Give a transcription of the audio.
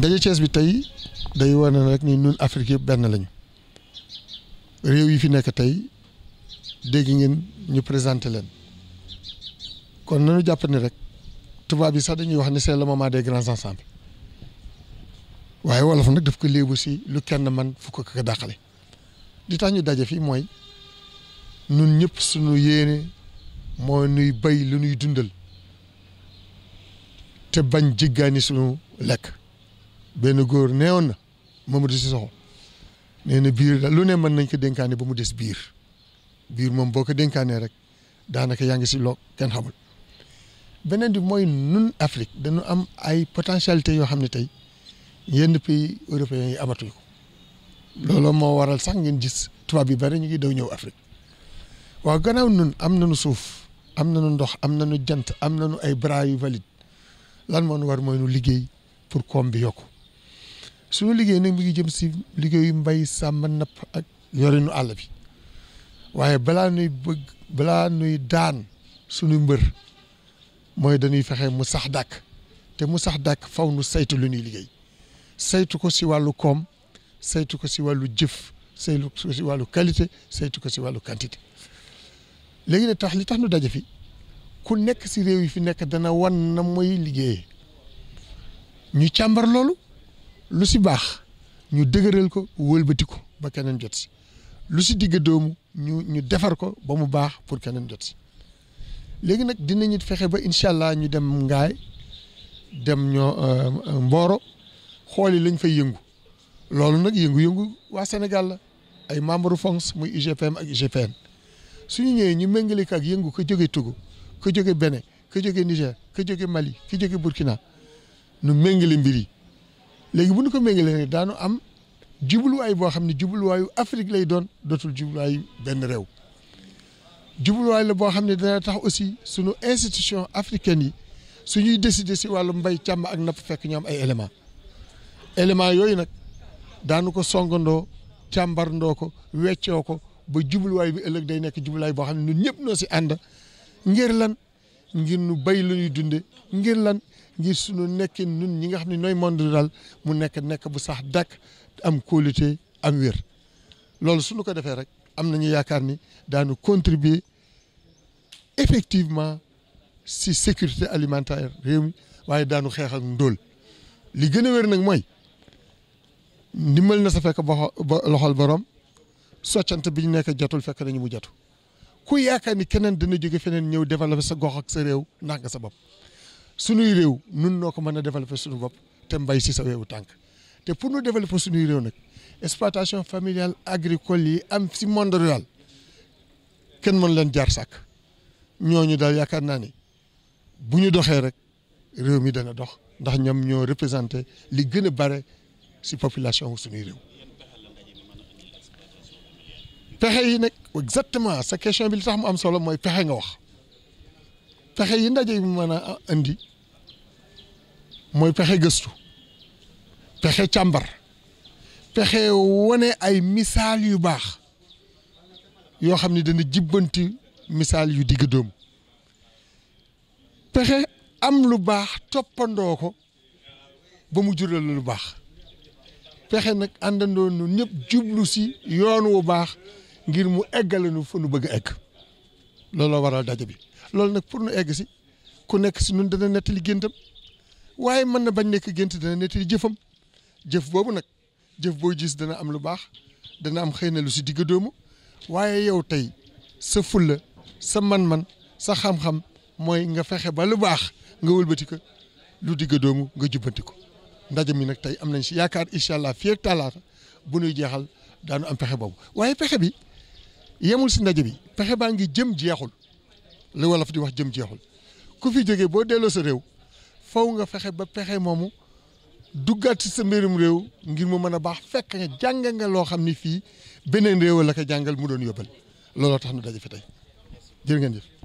ndaje Thiès bi tey day wane ne rek ni ñun Afrique yëpp benn lañu réew yi fi nekk tey dégg ngeen ñu présenté leen kon nañu jàpp ni rek tubaab yi sax dañuy wax ni c'est le moment des grands ensembles waaye wolof nag daf ko léebu si lu kenn man fukk ko dàqale di tax ñu daje fii mooy nun ñëpp suñu yéene moo nuy bay lu nuy dundal te bañ jiggaani suñu lekk benn góor neewoon na Mamadou Cissokho nee na biir lu ne mën nañ ko denkaane ba mu des biir biir moom boo ko dénkaanee rek daanaka yaa ngi si loo kenn xamul beneen bi mooy nun Afrique dañu am ay potentialité yoo xam ne tey yenn pays européens yi amatuñu ko looloo moo waral sax ngeen gis tubaab yi bari ñu ngi daw ñëw Afrique waaw gannaaw nun am nañu suuf am nañu ndox am nañu jant am nañu ay bras yu valide lan moo nu war mooy nu liggéey pour koom bi yokku suñu liggéey nag mi ngi jëm si liggéeyu mbay sàmm napp ak yorinu àll bi waaye balaa nuy bëgg balaa nuy daan suñu mbër mooy dañuy fexe mu sax dàkk te mu sax dàkk faw nu saytu lu ñuy liggéey saytu ko si wàllu koom saytu ko si wàllu jëf saytu ko si wàllu qualité saytu ko si wàllu quantité léegi ne tax li tax nu daje fi ku nekk si réew yi fi nekk dana wan na mooy liggéey ñu càmbar loolu lu si baax ñu dëgëral ko wëlbati ko ba keneen jot si lu si digg doomu ñu ñu defar ko ba mu baax pour keneen jot si léegi nag dinañu fexe ba incha allah ñu dem ngaay dem ñoo euh, Mboro xooli lañ fay yëngu loolu nag yëngu-yëngu waa Sénégal ay membre FONGS muy UGPM ak UGPN suñu ñëwee ñu méngale ko ak yëngu ko jóge Togo ko jóge Bénin ko jóge Niger ko jóge Mali ko jóge Burkina nu méngale mbir léegi bu ñu ko méngalee nag daanu am jubluwaay boo xam ne jubluwaayu Afrique lay doon dootul jubluwaayu benn réew jubluwaay la boo xam ne dana tax aussi sunu institution africaine yi suñuy décider si wàllu mbay càmm ak napp fekk ñu am ay éléments éléments yooyu nag daanu ko songandoo càmbarndoo ko weccoo ko ba jubluwaay bi ëllëg day nekk jubluwaay boo xam ne ñun ñëpp noo si ànd ngir lan. ngir nu béy lu ñuy dunde ngir lan ngir sunu nekkin nun ñi nga xam ne nooy monde rural mu nekk nekk bu sax dàkk am qualité am wér loolu suñu ko defee rek am nañu yaakaar ni daanu contribuer effectivement si sécurité alimentaire réew mi waaye daanu xeex ak ndóol li gën a wér nag mooy ndimbal na sa fekk ba loxol borom soccante bi ñu nekk jotul fekk nañu mu jotu ku yaakaar ni keneen dana jóge feneen ñëw développer sa gox ak sa réew ndax nga sa bopp sunuy réew nun noo ko mën a développer suñu bopp te mbay si sa weewu tànk te pour nu développer suñuy réew nag exploitation familiale agricole yi am si monde rural kenn mën leen jaar sàkk ñooñu daal yaakaar naa ni bu ñu doxee rek réew mi dana dox ndax ñoom ñoo représenté li gën a bare si population suñuy réew pexe yi nag exactement sa question bi li tax mu am solo mooy pexe nga wax pexe yi ndaje yi mën a indi mooy pexe gëstu pexe càmbar pexe wane ay misaal yu baax yoo xam ni dana jibbanti misaal yu digg doom pexe am lu baax toppandoo ko ba mu jural lu baax pexe nag àndandoo ñun ñëpp jublu si yoon wu baax ngir mu eggale nu fa nu bëgg a egg looloo waral daje bi loolu nag pour nu egg si ku nekk si nun dana nettali géntam waaye mën na bañ nekk gént dana nettali jëfam jëf boobu nag jëf boo gis dana am lu baax dana am xëy na lu si digg doomu waaye yow tey sa fulla sa man-man sa xam-xam mooy nga fexe ba lu baax nga wëlbati lu digg doomu nga jubbanti ko ndaje mi nag tey am nañ si yaakaar incha allah fii ak talaata bu nuy jeexal daanu am pexe boobu waaye yemul si ndaje bi pexe baa ngi jëm jeexul li wolof di wax jëm jeexul ku fi jógee boo delloo sa réew foow nga fexe ba pexe moomu duggaat si sa mbirum réew ngir mu mën a baax fekk nga jàng nga loo xam ni fii beneen réew la ko jàngal mu doon yóbbal looloo tax na daje fi tey jërë ngeen